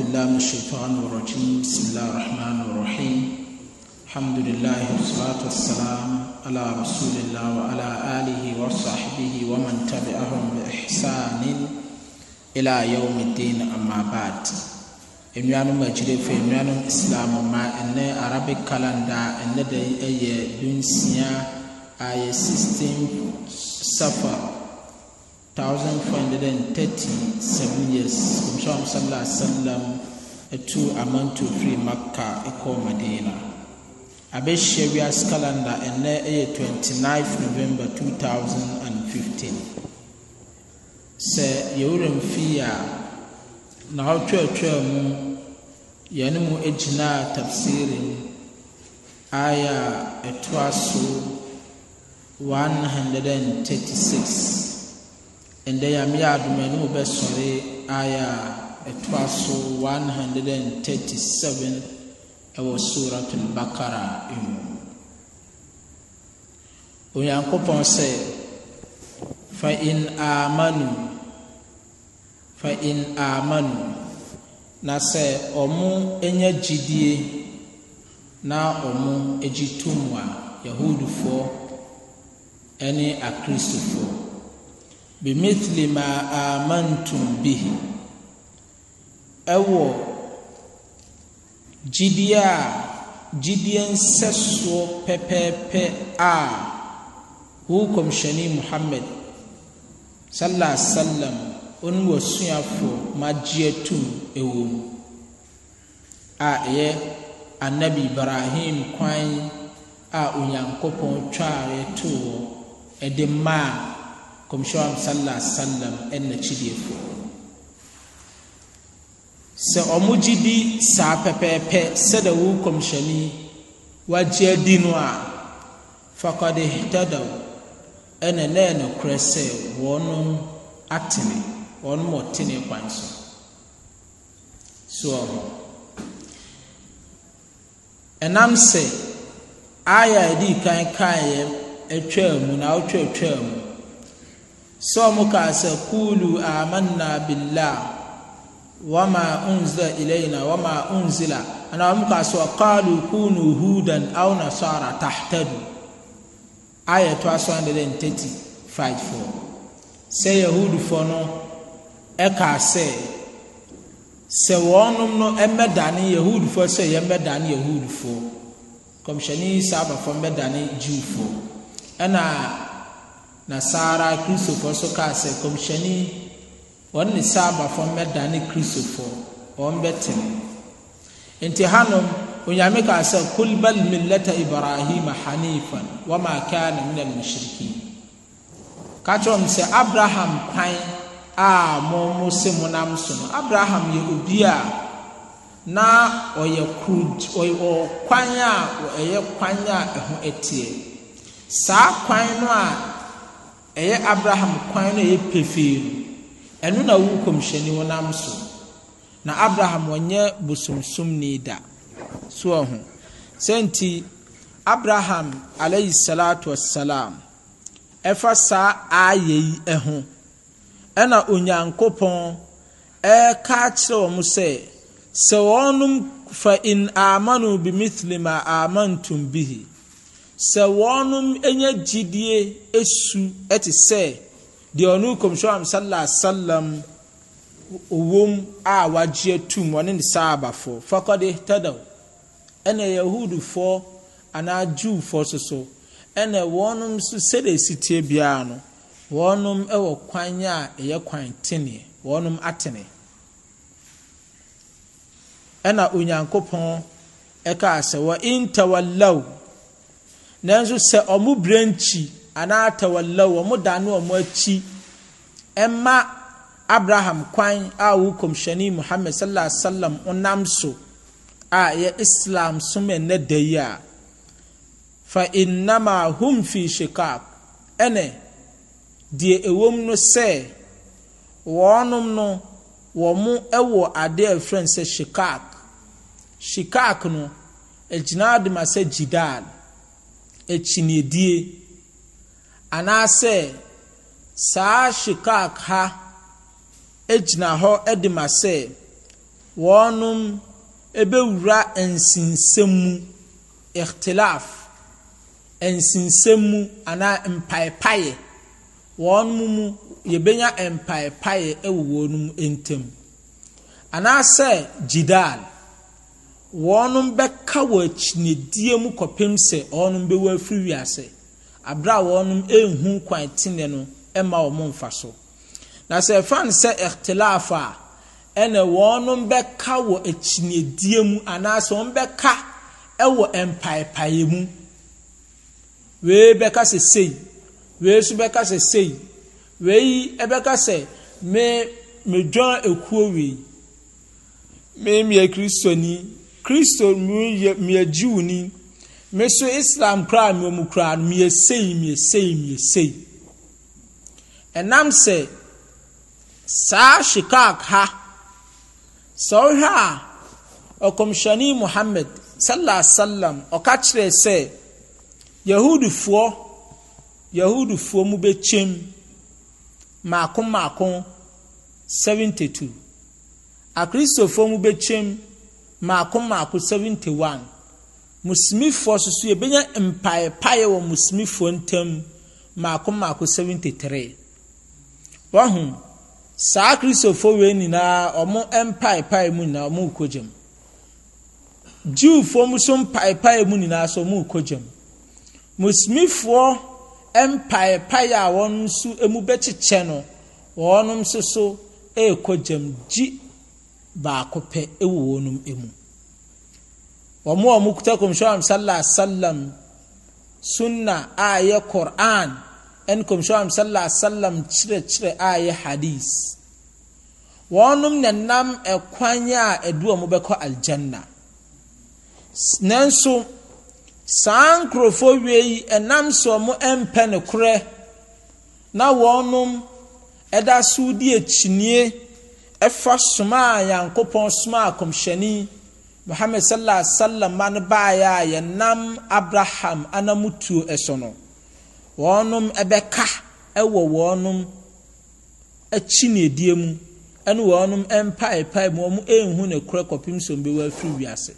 بالله من الشيطان الرجيم بسم الله الرحمن الرحيم الحمد لله والصلاة والسلام على رسول الله وعلى آله وصحبه ومن تبعهم بإحسان إلى يوم الدين أما بعد nnuanom agyirefo nnuanom islam ma ɛnɛ arabic calendar ɛnɛ da ɛyɛ dunsia a yɛ 16 safar 1437 years fam sallallahu alaihi wasallam ɛtu amantu firi makka ɛkɔ madina abɛhyia wiase Kalanda ɛnɛ ɛyɛ 29 november two 2015 sɛ yɛwura mfii a na ɔtwerɛtwerɛ mu yɛne mu gyinaa tafsirin aya ɛtoa so six. ɛndɛ yameyɛ adoma ne wobɛsɔre ayɛ a ɛtoa so 137 ɛwɔ surat albakara mu onyankopɔn sɛ fa in amanu fa in amanu na sɛ ɔmo anya gyidie na ɔmo egyi tom a yahudifoɔ ɛne akristofoɔ bimithli ma amantum bihi ɛwɔ gyidie a gyidie nsɛsoɔ pɛpɛɛpɛ a wo kɔmhyɛne muhammad sallallahu alaihi wasallam ɔne wasuafoɔ magye atum ɛwɔ mu a ɛyɛ anabi ibrahim kwan a onyankopɔn twaa ɛtoo ɛde maa kɔmhyɛwam sala salam ɛnnakyidiefoɔ sɛ ɔmo gye di saa pɛpɛɛpɛ sɛda wo kɔmhyɛni wagye adi no a fakɔde htadaw ɛna na ɛno korɛ sɛ wɔnom atene wɔnom ɔtene kwan so so ɔmo ɛnam sɛ aya a yɛde kan kaeɛ atwaa mu na awotwa atwaa mu sɛ mo kaa sɛ kulu amanna billah wama unzila ilayna wama unzila ana mo kaa sɛ qalu kunu hudan aw nasara tahtadu ayɛ to aso hundred and thirty five four sɛ yahudifoɔ e no ɛkaa e sɛ sɛ wɔnom no ɛmɛdane yahudifoɔ sɛ yɛmɛdane yahudifoɔ kɔmhyɛni saabafoɔ mɛdane jiwfoɔ ɛna na saa ara kristofoɔ nso kaa sɛ kɔmhyɛni wɔn ne saabafoɔ mmɛdane kristofoɔ wɔn bɛtene nti hanom onyame kaa sɛ kul bal millata ibrahima hanifan wama kana min almushrikin ka kyerɛ m sɛ abraham kwan a mo mo se mo nam so no abraham yɛ obi a na ɔyɛ kuru ɔyɛ kwan a ɛyɛ kwan a ɛho teɛ saa kwan no a ɛyɛ abraham kwan no a ɛyɛ pefee no ɛno na wu kɔmhyɛni wo nam so na abraham ɔnyɛ bosomsomni da so ɔho sɛnti abraham alayhi salatu wassalam ɛfa saa ayɛ yi ɛho ɛna onyankopɔn ɛka akyerɛ wɔn sɛ sɛ wɔnom fa in amanu bimithli ma amantum bihi sɛ wɔnom anya gyidie esu ɛte sɛ deɛ ɔno kɔmhyɛn sallallahu alaihi wa sallam wɔm a wagye atum wɔne ne saabafo fakɔde tadaw ɛna yahudufo anaa jiwfoɔ soso ɛna wɔnom nso esi tie biara no wɔnom ɛwɔ kwan a ɛyɛ kwan teneɛ wɔnom atene ɛna onyankopɔn ɛkaa sɛ wɔ intawalaw nanso sɛ ɔmo brɛnkyi anaa tawalaw ɔmo dano ɔmo akyi ɛma abraham kwan a wo kɔmhyɛni muhammad sallallahu alaihi wasallam ɔnam so a yɛ islam som ɛnɛ da yi a fa innama hum fi shikak ɛnɛ deɛ ɛwom no sɛ wɔnom no wɔn ɛwɔ adeɛ a ɛfrɛ no sɛ shikak shikak no ɛgyina adoma sɛ gyidal akyinniedie anaasɛ saa shikak ha gyina hɔ de ma sɛ wɔnom bɛwura nsinsɛm mu ikhtilaf nsinsɛm mu anaa mpaepaeɛ wɔnom mu yɛbɛnya mpaepaeɛ wɔ wɔn ntam anaasɛ gyidal wɔn bɛka wɔ akyinidie mu kɔpem sɛ wɔn bɛwɔ afiri wiase abira a wɔn ehu kwan teneɛ no ɛma wɔn mfa so na sɛ fan no sɛ ɛktelaafa ɛna wɔn bɛka wɔ akyinidie mu anaasɛ wɔn bɛka ɛwɔ mpaepae mu wee bɛka sɛ sei wee nso bɛka sɛ sei wei ɛbɛka sɛ me medwan ekuo wei me mmea kristoni. kristo meyɛ jiwni me so islam koraa mewɔ mu koraa no meyɛ sei meyɛ sei meyɛ sei ɛnam saa shikak ha sɛ wohwɛ a ɔkɔmhyɛne muhammad sallallahu alaihi wasallam ɔka kyerɛ sɛ yahudifoɔ yahudifoɔ mu bɛkyɛm maako seventy two. akristofoɔ mu bɛkyɛm 72 mmaako mmaako 71 musumifoɔ soso yɛbɛnya mpaepae wɔ musumifoɔ ntam mmaako mmaako 73 wɔho saa kristofoɔ wei nyinaa ɔmo mpaepae mu nyinaa ɔmo rekɔ gyam jiwfoɔ mu so mpaepae mu nyinaa so ɔmo rekɔ gyam musumifoɔ mpaepae a wɔn nso mu bɛkyekyɛ no wɔn nso so rekɔ gyam gyi baako pɛ wɔ wɔn mu wɔn a wɔkuta kɔmhyɛn sallallahu alaihi wasallam sunna a ɛyɛ qur'an ɛne kɔmhyɛn sallallahu alaihi wasallam kyerɛkyerɛ a ɛyɛ hadis wɔn na nam kwan a ɛdu wɔn bɛkɔ aljanna nanso saa nkurɔfoɔ wie yi ɛnam sɛ wɔn mpɛ ne korɛ na wɔn ɛda so di akyinie. ɛfa soma a nyankopɔn soma akɔmhyɛni muhammad sallallahu alaihi wasallam ma no baeɛ a yɛnam abraham anamutuo ɛso no wɔnom ɛbɛka ɛwɔ wɔnom akyi ne mu ɛne wɔnom ɛmpaepae mu wɔn ɛnhu ne korɛ kɔpem so bi wɔ afiri wiase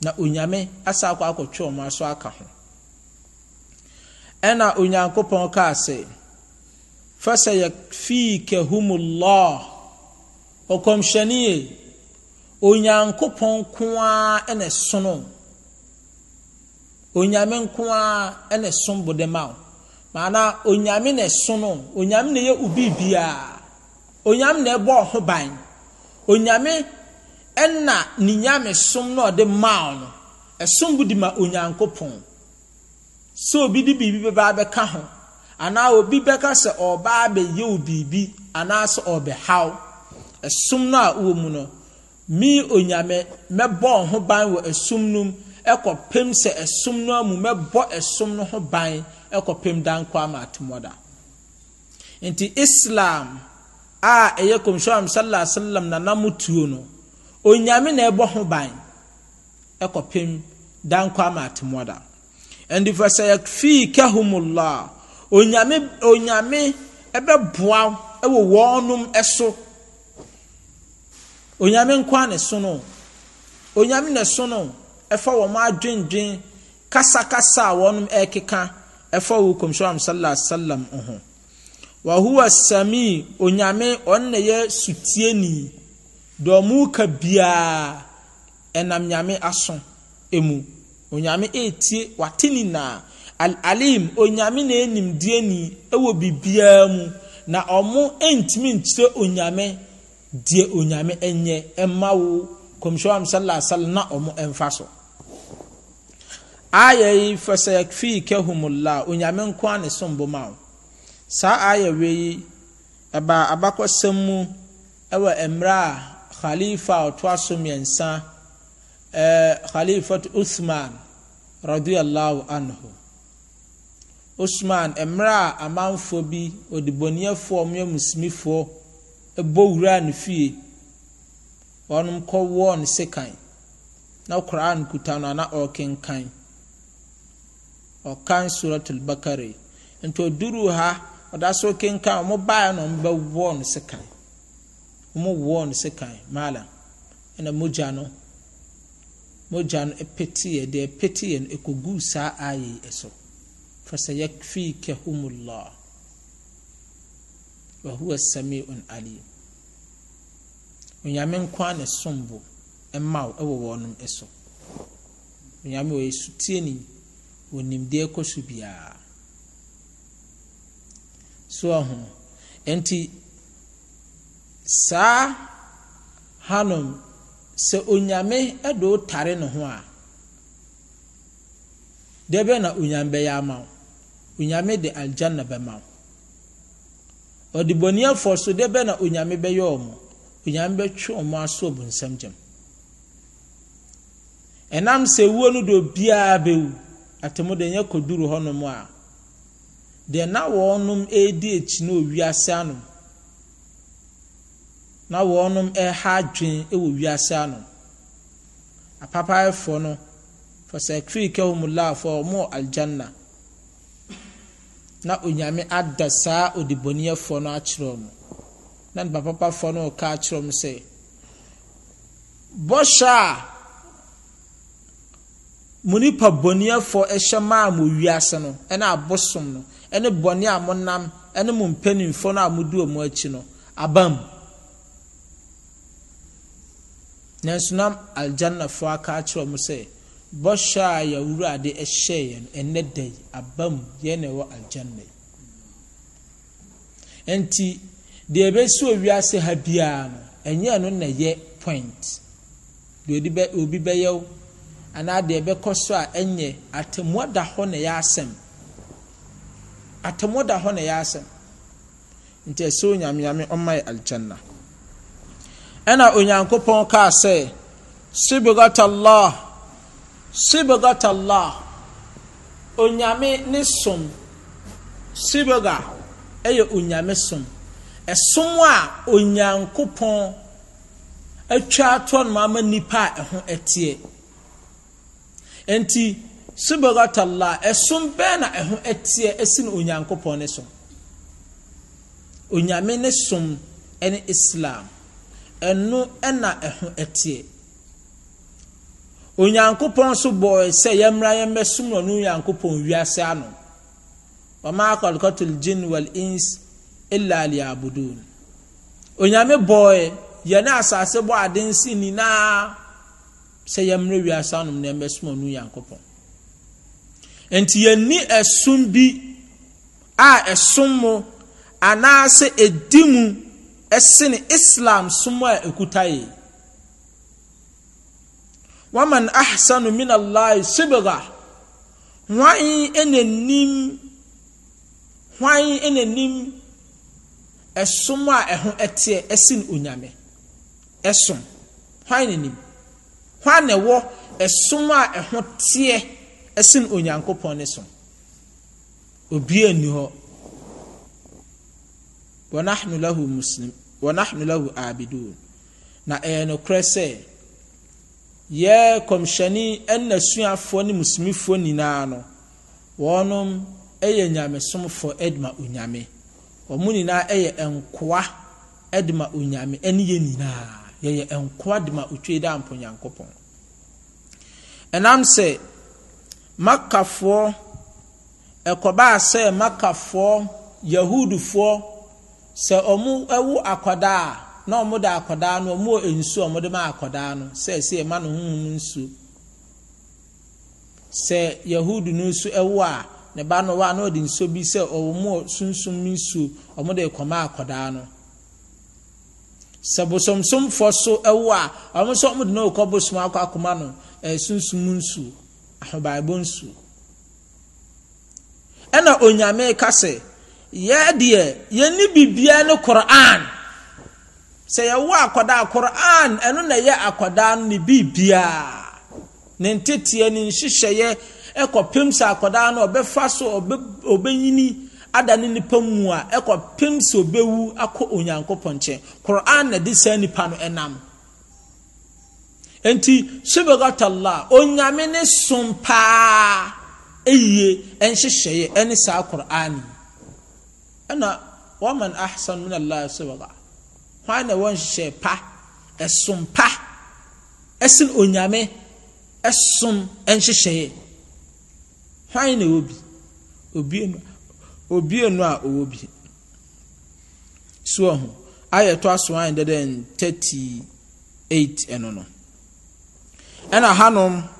na onyame asa akɔ akɔtwe wɔn aso aka ho ɛna onyankopɔn kaa sɛ fɛsɛ yɛ fii kɛhumulɔɔ. ɔkɔmhyɛni onyankopɔn nko ara na ɛso no onyame nko ara na ɛso bodema o maana onyame na ɛso no onyame na ɛyɛ ubi biara onyame na ɛbɔ ɔho ban onyame ɛna ne nyame som na ɔde maa no ɛsom bo di ma onyankopɔn sɛ obi de biribi bɛba bɛka ho anaa obi bɛka sɛ ɔbaa bɛyɛ wo biribi anaasɛ ɔbɛhaw ɛsum no a ɛwɔ mu no mi onyame mɛbɔ ho ban wɔ ɛsum no mu ɛkɔ pem sɛ ɛsum no amu mɛbɔ ɛsum no ho ban ɛkɔ pem dan kɔ ama atemɔda nti islam a ɛyɛ kɔmhyɛn sallallahu alaihi wa sallam nanamu tuo no onyame na ɛbɔ ho ban ɛkɔ pem dan kɔ ama atemɔda ɛndi fɛ sɛ yɛfii kahumullah onyame onyame ɛbɛboa ɛwɔ wɔn nom ɛso. onyame nkwa ne so no onyame ne so no ɛfa wɔn adwendwen kasakasa a wɔn ɛkeka ɛfa wɔn kɔmhyɛn sallallahu alaihi wa sallam ho wahuwa sami onyame ɔn na yɛ sutieni dɔmu ka biara ɛnam nyame aso emu onyame etie wate nyinaa alalim onyame na enim dieni, ɛwɔ bibiara mu na ɔmo ntumi nkyerɛ onyame deɛ onyame nyɛ ɛma wo kɔmhyɛ am sala sala na ɔmo ɛmfa so aya yi fɛsɛ fii kahumullah onyame nko a ne som bo ma wo saa aya wei yi ɛba abakɔsɛm mu ɛwɔ mmerɛ a khalifa a ɔtoa so mmiɛnsa ɛɛ khalifat uthman radiyallahu anhu usman mmerɛ a amanfoɔ bi odiboniɛfoɔ ɔmo yɛ musulmifoɔ bɔ wura ne fie wɔn kɔwɔ ne sekan na koraa kuta no na ɔrekenkan ɔkan suratul bakari nti oduru ha ɔda so kenkan wɔn baa na wɔn bɛwɔ ne sekan wɔn wɔ ne sekan maala ɛna mogya no mogya no pete yɛ deɛ pete yɛ no ekogu saa ayɛ yi so fasa yɛ fi kɛhumullah. wahuwa samiun alim onyame nkwa a ne som bo ma wo wɔ wɔnom so onyame wɔyɛ sutieni wɔ nimdeɛ kɔ so biara so ɔho nti saa hanom sɛ onyame ɛde wo tare ne ho a deɛ na onyame bɛyɛ ama wo onyame de aljanna bɛma wo ɔde bɔne afɔsodeɛ bɛ na onyame bɛyɛ ɔmo onyame bɛtwe ɔmo aso ɔmo nsɛm gyam ɛnam sɛ wuo no do biara bɛwu atemu de nyɛ koduru hɔnom a deɛ na wɔnom edi akyi na owiase anom na wɔnom ɛha adwene ɛwɔ wiase ano apapaafoɔ no fɔsɛkiri kɛhomulaafoɔ ɔmo aljanna. na onyame ada saa odibɔniɛfoɔ no akyerɛ mo na nipa papafoɔ no ɔka akyerɛ mo sɛ bɔhyɛ a mo nipa bɔniɛfoɔ ɛhyɛ maa mo wiase no ɛne abosom no ɛne bɔne a mo nam ɛne mo mpanimfoɔ no a mo di wɔn akyi no abam nanso nam aljannafoɔ aka akyerɛ mo sɛ. bɔhyɛ a yɛwurade hyɛeɛ no ɛnɛ da abam aba mu yɛn na ɛwɔ agyanna yi nti deɛ ɛbɛsi ase ha biara no ɛnyɛ no na yɛ point deɛ obi bɛ obi bɛyɛ wo anaa deɛ ɛbɛkɔ so a ɛnyɛ atemua da hɔ na yɛ asɛm atemua da hɔ na yɛ asɛm nti ɛsɛ onyamiame ɔma yɛ agyanna ɛna onyankopɔn kaa sɛ sibigat allah sibgata allah onyame ne som sibga ɛyɛ onyame som ɛsom e a onyankopɔn atwa e atoɔ no ama nipa a e ɛho ɛteɛ nti sibgata allah ɛsom bɛɛ na ɛho ɛteɛ ɛsi no onyankopɔn ne som onyame ne som ɛne islam ɛno ɛna ɛho ɛteɛ onyankopɔn nso bɔɔ sɛ yɛmmra yɛmmɛsom no ɔno onyankopɔn wiase ano wama kɔlkɔto gin wal ins illa liabudun onyame bɔɔ yɛne asase bɔ ade nsi nyinaa sɛ yɛmmra wiase ano na yɛmmɛsom ɔno onyankopɔn nti yɛnni ɛsom bi a ɛsom mu anaasɛ ɛdi mu ɛsene islam som a ɛkuta yɛ waman ahsanu min allahi sibga hwan ɛnanim hwan ɛnanim ɛsom a ɛho ɛteɛ ɛsi no onyame ɛsom hwan n'anim hwan na ɛwɔ ɛsom a ɛho teɛ ɛsi no onyankopɔn ne so obiara nni hɔ wɔnahno lahu muslim wɔnahno lahu abidun na ɛyɛ nokorɛ sɛ yɛ kɔmhyɛni ɛna suafoɔ ne musumifoɔ nyinaa no wɔnom ɛyɛ nyamesomfoɔ ɛde ma onyame wɔn nyinaa ɛyɛ nkoa ɛde ma onyame ɛne yɛ nyinaa yɛyɛ nkoa de ma otwe da mpɔnyankopɔn ɛnam sɛ makafoɔ ɛkɔbaa sɛ makafoɔ yahudufoɔ sɛ wɔn ɛwo akwadaa na wɔde akwadaa no wɔwɔ nsuo a wɔde ma akwadaa no sɛ ɛsɛ ɛma no huhum nsuo sɛ yahudu no nso ɛwɔ a ne ba no wa a na ɔde nsuo bi sɛ wɔn sunsun nsuo wɔde kɔma akwadaa no sɛ bosomsomfoɔ so ɛwɔ a wɔn nso wɔde no kɔ bosom akɔ akoma no ɛsunsun nsuo ahobaebɔ nsuo ɛna onyame kasa yɛ deɛ yɛn ni bibiara ne koran. sɛ yɛwo akwadaa koran ɛno na ɛyɛ akwadaa no ne biribiaa ne nteteɛ ne nhyehyɛeɛ ɛkɔpem sɛ akwadaa no ɔbɛfa so ɔbɛnyini ada ne nipa mu a ɛkɔpem sɛ ɔbɛwu akɔ onyankopɔn nkyɛn koran na de saa nipa no ɛnam nti subagatallah onyame ne som paa ɛyie ɛnhyehyɛeɛ ɛne saa koran ɛna waman ahsan min allah subaga hwan na ɛwɔ nhyehyɛ pa ɛsom pa ɛsen onyame ɛsom nhyehyɛeɛ hwan na ɛwɔ bi obi no obie no a ɔwɔ bi soɔ ho ayɛ to aso ayɛ dɛdɛn thirty eight ɛno no ɛna hanom.